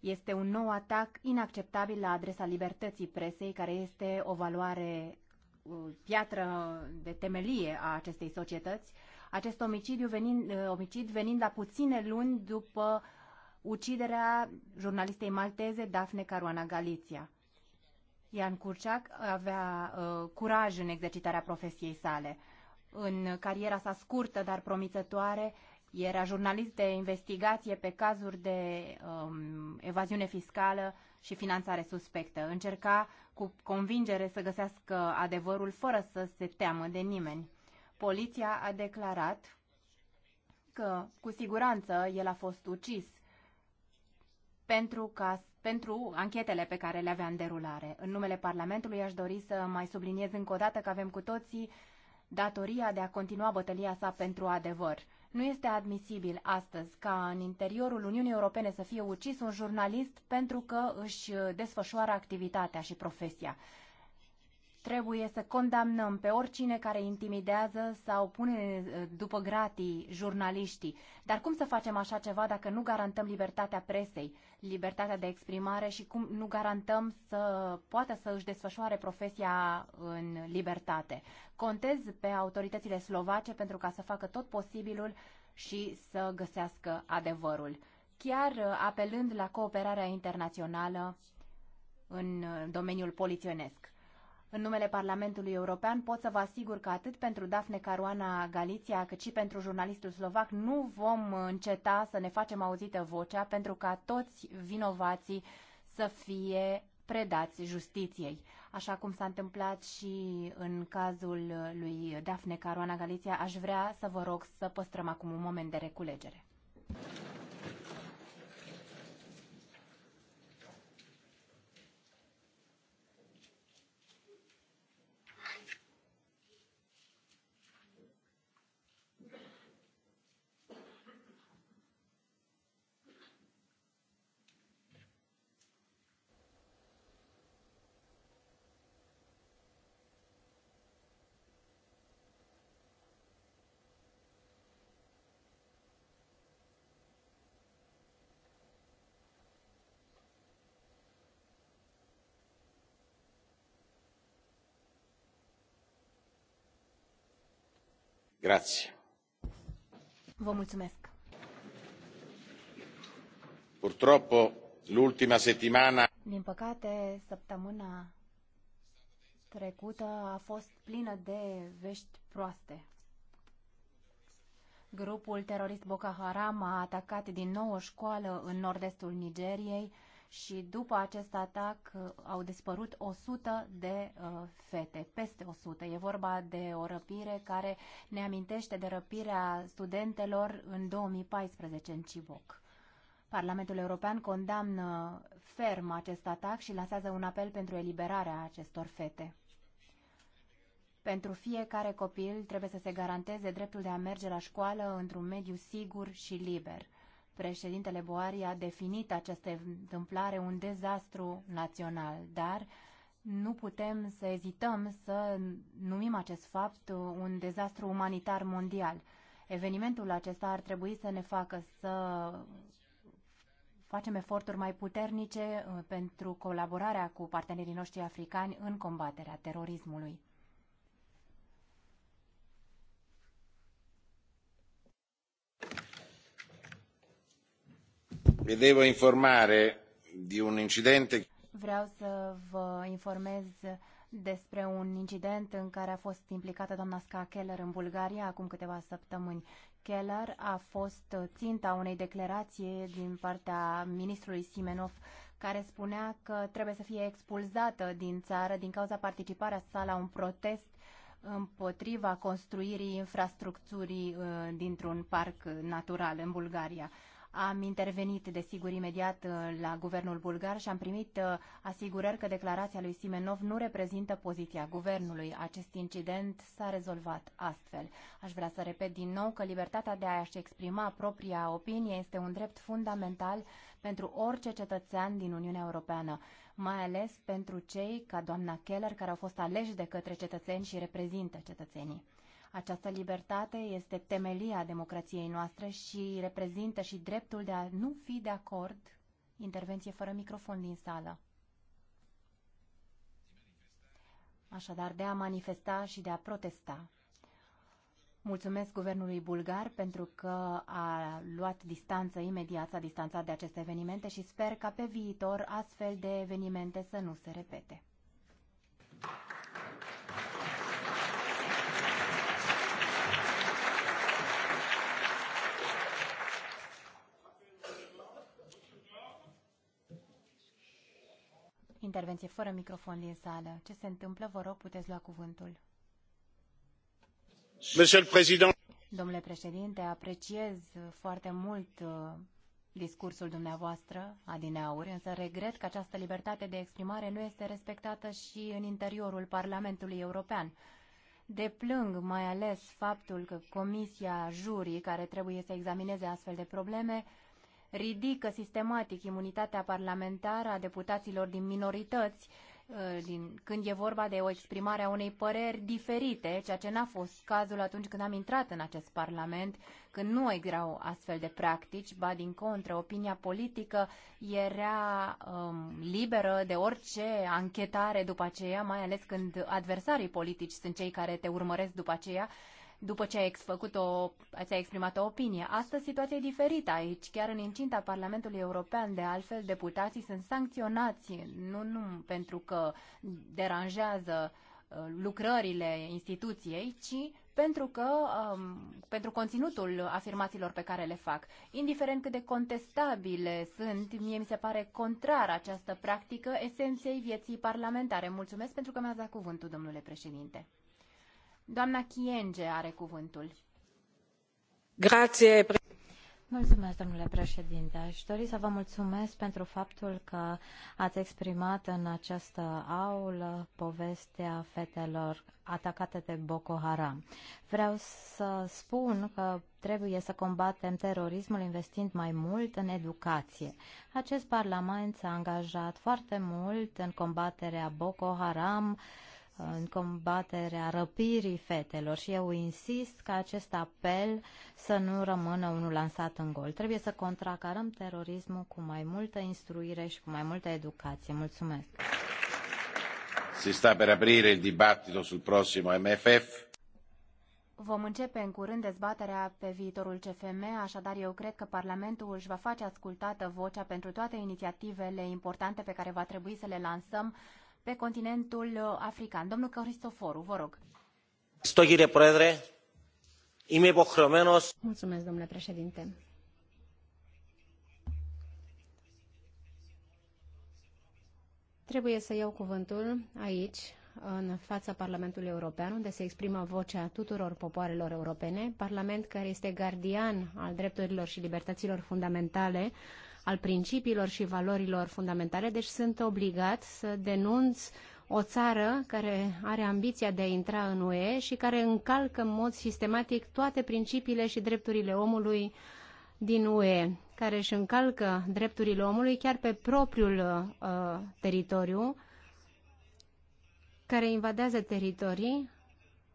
Este un nou atac inacceptabil la adresa libertății presei, care este o valoare uh, piatră de temelie a acestei societăți. Acest omicidiu venind, uh, omicid venind la puține luni după uciderea jurnalistei malteze Dafne Caruana Galizia. Ian Curciac avea uh, curaj în exercitarea profesiei sale. În cariera sa scurtă, dar promițătoare, era jurnalist de investigație pe cazuri de um, evaziune fiscală și finanțare suspectă. Încerca cu convingere să găsească adevărul fără să se teamă de nimeni. Poliția a declarat că, cu siguranță, el a fost ucis pentru, ca, pentru anchetele pe care le avea în derulare. În numele Parlamentului aș dori să mai subliniez încă o dată că avem cu toții datoria de a continua bătălia sa pentru adevăr nu este admisibil astăzi ca în interiorul Uniunii Europene să fie ucis un jurnalist pentru că își desfășoară activitatea și profesia. Trebuie să condamnăm pe oricine care intimidează sau pune eh, după gratii jurnaliștii. Dar cum să facem așa ceva dacă nu garantăm libertatea presei, libertatea de exprimare și cum nu garantăm să poată să își desfășoare profesia în libertate? Contez pe autoritățile slovace pentru ca să facă tot posibilul și să găsească adevărul. Chiar eh, apelând la cooperarea internațională în eh, domeniul poliționesc în numele Parlamentului European pot să vă asigur că atât pentru Dafne Caruana Galiția, cât și pentru jurnalistul slovac nu vom înceta să ne facem auzită vocea pentru ca toți vinovații să fie predați justiției. Așa cum s-a întâmplat și în cazul lui Dafne Caruana Galiția, aș vrea să vă rog să păstrăm acum un moment de reculegere. Purtroppo l'ultima settimana Din păcate, săptămâna trecută a fost plină de vești proaste. Grupul terorist Boko Haram a atacat din nou o școală în nord-estul Nigeriei, și după acest atac uh, au dispărut 100 de uh, fete, peste 100. E vorba de o răpire care ne amintește de răpirea studentelor în 2014 în Ciboc. Parlamentul European condamnă ferm acest atac și lasează un apel pentru eliberarea acestor fete. Pentru fiecare copil trebuie să se garanteze dreptul de a merge la școală într-un mediu sigur și liber – președintele Boari a definit această întâmplare un dezastru național, dar nu putem să ezităm să numim acest fapt un dezastru umanitar mondial. Evenimentul acesta ar trebui să ne facă să facem eforturi mai puternice uh, pentru colaborarea cu partenerii noștri africani în combaterea terorismului. Vi devo informare di un incidente. Vreau să vă informez despre un incident în care a fost implicată doamna Ska Keller în Bulgaria acum câteva săptămâni. Keller a fost ținta unei declarații din partea ministrului Simenov care spunea că trebuie să fie expulzată din țară din cauza participarea sa la un protest împotriva construirii infrastructurii uh, dintr-un parc natural în Bulgaria. Am intervenit, desigur, imediat uh, la guvernul bulgar și am primit uh, asigurări că declarația lui Simenov nu reprezintă poziția guvernului. Acest incident s-a rezolvat astfel. Aș vrea să repet din nou că libertatea de a-și exprima propria opinie este un drept fundamental pentru orice cetățean din Uniunea Europeană, mai ales pentru cei ca doamna Keller care au fost aleși de către cetățeni și reprezintă cetățenii. Această libertate este temelia democrației noastre și reprezintă și dreptul de a nu fi de acord. Intervenție fără microfon din sală. Așadar, de a manifesta și de a protesta. Mulțumesc guvernului bulgar pentru că a luat distanță imediat, s-a distanțat de aceste evenimente și sper ca pe viitor astfel de evenimente să nu se repete. Intervenție fără microfon din sală. Ce se întâmplă? Vă rog, puteți lua cuvântul. Domnule președinte, apreciez foarte mult uh, discursul dumneavoastră, adineauri, însă regret că această libertate de exprimare nu este respectată și în interiorul Parlamentului European. Deplâng mai ales faptul că Comisia Jurii, care trebuie să examineze astfel de probleme, ridică sistematic imunitatea parlamentară a deputaților din minorități uh, din, când e vorba de o exprimare a unei păreri diferite, ceea ce n-a fost cazul atunci când am intrat în acest Parlament, când nu erau astfel de practici, ba din contră, opinia politică era um, liberă de orice anchetare după aceea, mai ales când adversarii politici sunt cei care te urmăresc după aceea după ce ai exfăcut o, ți-ai exprimat o opinie. Astăzi situația e diferită aici. Chiar în incinta Parlamentului European, de altfel, deputații sunt sancționați nu, nu pentru că deranjează uh, lucrările instituției, ci pentru că um, pentru conținutul afirmațiilor pe care le fac. Indiferent cât de contestabile sunt, mie mi se pare contrar această practică esenței vieții parlamentare. Mulțumesc pentru că mi-ați dat cuvântul, domnule președinte. Doamna Chienge are cuvântul. Grație. Mulțumesc, domnule președinte. Aș dori să vă mulțumesc pentru faptul că ați exprimat în această aulă povestea fetelor atacate de Boko Haram. Vreau să spun că trebuie să combatem terorismul investind mai mult în educație. Acest parlament s-a angajat foarte mult în combaterea Boko Haram, uh, în combaterea răpirii fetelor și eu insist ca acest apel să nu rămână unul lansat în gol. Trebuie să contracarăm terorismul cu mai multă instruire și cu mai multă educație. Mulțumesc! Si sta per aprire il dibattito sul prossimo MFF. Vom începe în curând dezbaterea pe viitorul CFM, așadar eu cred că Parlamentul își va face ascultată vocea pentru toate inițiativele importante pe care va trebui să le lansăm pe continentul uh, african. Domnul Cristoforu, vă rog. Mulțumesc, domnule președinte. Trebuie să iau cuvântul aici, în fața Parlamentului European, unde se exprimă vocea tuturor popoarelor europene, Parlament care este gardian al drepturilor și libertăților fundamentale, al principiilor și valorilor fundamentale, deci sunt obligat să denunț o țară care are ambiția de a intra în UE și care încalcă în mod sistematic toate principiile și drepturile omului din UE, care își încalcă drepturile omului chiar pe propriul uh, teritoriu, care invadează teritorii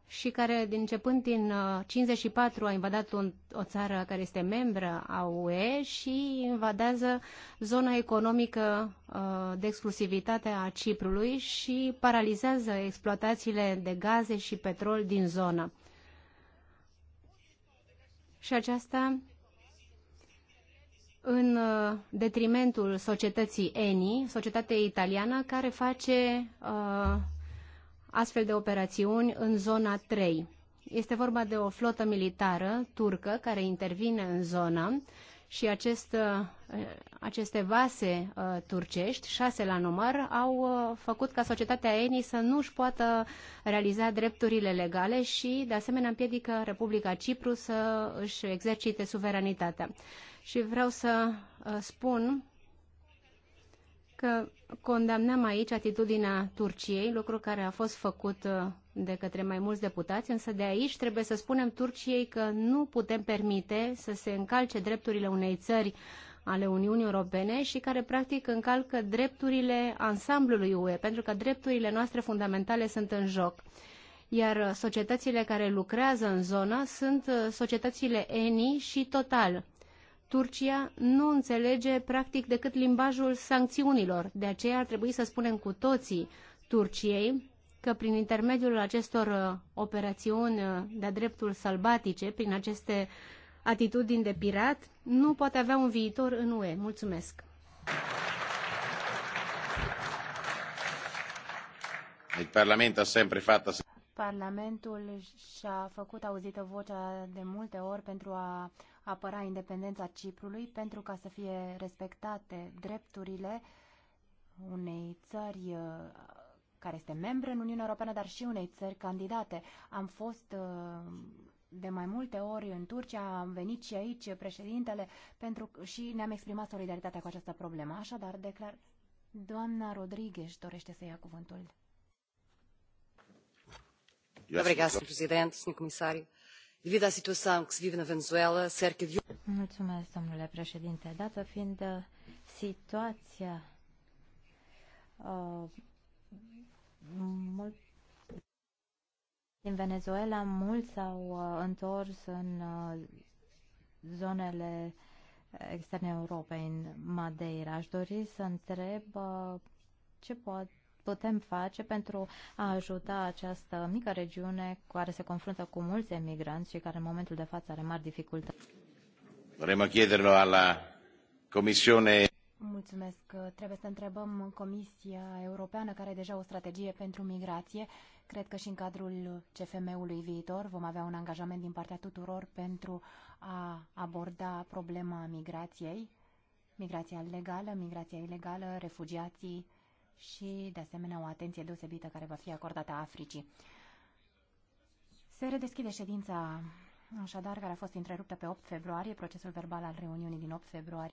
și care, din începând din 54, uh, a invadat un, o țară care este membră a UE și invadează zona economică uh, de exclusivitate a Ciprului și paralizează exploatațiile de gaze și petrol din zonă. Și aceasta în uh, detrimentul societății ENI, societatea italiană, care face uh, astfel de operațiuni în zona 3. Este vorba de o flotă militară turcă care intervine în zona și acest, uh, aceste vase uh, turcești, șase la număr, au uh, făcut ca societatea ENI să nu își poată realiza drepturile legale și, de asemenea, împiedică Republica Cipru să își exercite suveranitatea. Și vreau să spun că condamnăm aici atitudinea Turciei, lucru care a fost făcut uh, de către mai mulți deputați, însă de aici trebuie să spunem Turciei că nu putem permite să se încalce drepturile unei țări ale Uniunii Europene și care practic încalcă drepturile ansamblului UE, pentru că drepturile noastre fundamentale sunt în joc. Iar societățile care lucrează în zonă sunt uh, societățile ENI și Total, Turcia nu înțelege practic decât limbajul sancțiunilor. De aceea ar trebui să spunem cu toții Turciei că prin intermediul acestor uh, operațiuni uh, de-a dreptul sălbatice, prin aceste atitudini de pirat, nu poate avea un viitor în UE. Mulțumesc! Deci Parlamentul și-a făcut auzită vocea de multe ori pentru a apăra independența Ciprului pentru ca să fie respectate drepturile unei țări uh, care este membră în Uniunea Europeană, dar și unei țări candidate. Am fost uh, de mai multe ori în Turcia, am venit și aici președintele pentru, și ne-am exprimat solidaritatea cu această problemă. Așadar, declar, doamna Rodriguez dorește să ia cuvântul. Obrigada, Sr. Presidente, Sr. Comissário. Um domnule președinte. Dată fiind uh, situația uh, din Venezuela, mulți s-au uh, întors în uh, zonele externe Europei, în Madeira. Aș dori să întreb ce poate putem face pentru a ajuta această mică regiune care se confruntă cu mulți emigranți și care în momentul de față are mari dificultăți? Vrem chiederlo la Comisione. Mulțumesc. Trebuie să întrebăm Comisia Europeană, care are deja o strategie pentru migrație. Cred că și în cadrul CFM-ului viitor vom avea un angajament din partea tuturor pentru a aborda problema migrației, migrația legală, migrația ilegală, refugiații și, de asemenea, o atenție deosebită care va fi acordată Africii. Se redeschide ședința, așadar, care a fost întreruptă pe 8 februarie, procesul verbal al reuniunii din 8 februarie.